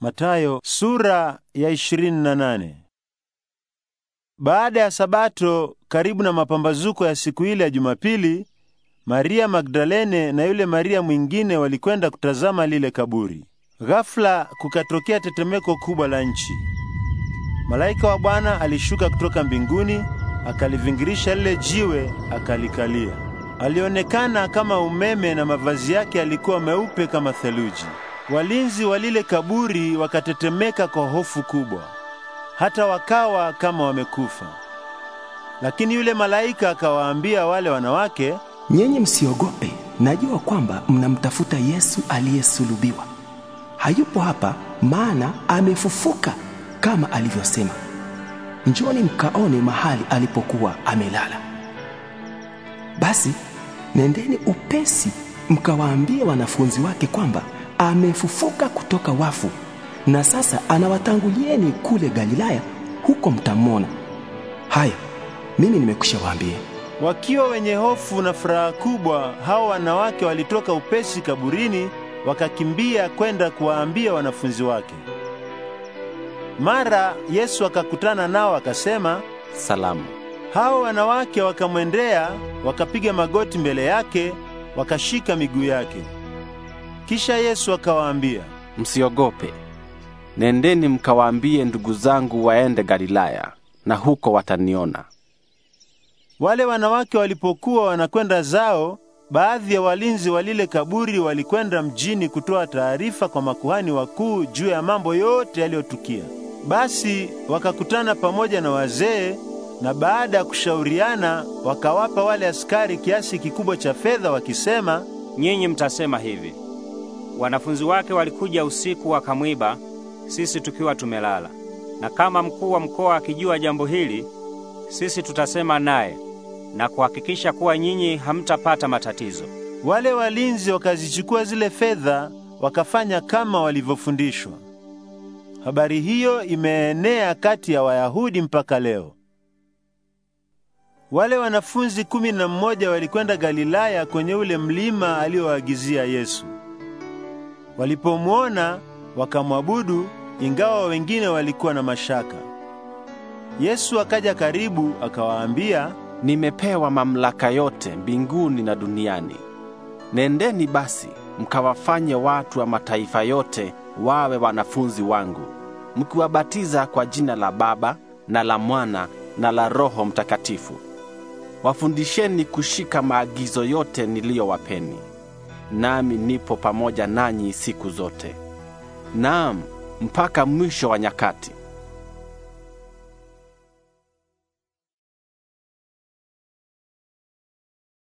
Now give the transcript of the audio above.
Matayo sura ya 28. Baada ya Sabato, karibu na mapambazuko ya siku ile ya Jumapili, Maria Magdalene na yule Maria mwingine walikwenda kutazama lile kaburi. Ghafla kukatokea tetemeko kubwa la nchi. Malaika wa Bwana alishuka kutoka mbinguni, akalivingirisha lile jiwe, akalikalia. Alionekana kama umeme na mavazi yake yalikuwa meupe kama theluji. Walinzi wa lile kaburi wakatetemeka kwa hofu kubwa, hata wakawa kama wamekufa. Lakini yule malaika akawaambia wale wanawake, nyinyi msiogope, najua kwamba mnamtafuta Yesu aliyesulubiwa. Hayupo hapa, maana amefufuka kama alivyosema. Njoni mkaone mahali alipokuwa amelala. Basi nendeni upesi mkawaambie wanafunzi wake kwamba amefufuka kutoka wafu, na sasa anawatangulieni kule Galilaya, huko mtamwona. Haya, mimi nimekwisha waambie Wakiwa wenye hofu na furaha kubwa, hao wanawake walitoka upesi kaburini, wakakimbia kwenda kuwaambia wanafunzi wake. Mara Yesu akakutana nao akasema, salamu. Hao wanawake wakamwendea, wakapiga magoti mbele yake, wakashika miguu yake. Kisha Yesu akawaambia, msiogope, nendeni mkawaambie ndugu zangu waende Galilaya, na huko wataniona. Wale wanawake walipokuwa wanakwenda zao, baadhi ya walinzi wa lile kaburi walikwenda mjini kutoa taarifa kwa makuhani wakuu juu ya mambo yote yaliyotukia. Basi wakakutana pamoja na wazee na baada ya kushauriana wakawapa wale askari kiasi kikubwa cha fedha wakisema, nyinyi mtasema hivi: Wanafunzi wake walikuja usiku wakamwiba, sisi tukiwa tumelala. Na kama mkuu wa mkoa akijua jambo hili, sisi tutasema naye na kuhakikisha kuwa nyinyi hamtapata matatizo. Wale walinzi wakazichukua zile fedha wakafanya kama walivyofundishwa. Habari hiyo imeenea kati ya Wayahudi mpaka leo. Wale wanafunzi kumi na mmoja walikwenda Galilaya kwenye ule mlima aliowaagizia Yesu. Walipomwona wakamwabudu, ingawa wengine walikuwa na mashaka. Yesu akaja karibu, akawaambia, nimepewa mamlaka yote mbinguni na duniani. Nendeni basi mkawafanye watu wa mataifa yote wawe wanafunzi wangu, mkiwabatiza kwa jina la Baba na la Mwana na la Roho Mtakatifu. Wafundisheni kushika maagizo yote niliyowapeni nami nipo pamoja nanyi siku zote, naam, mpaka mwisho wa nyakati.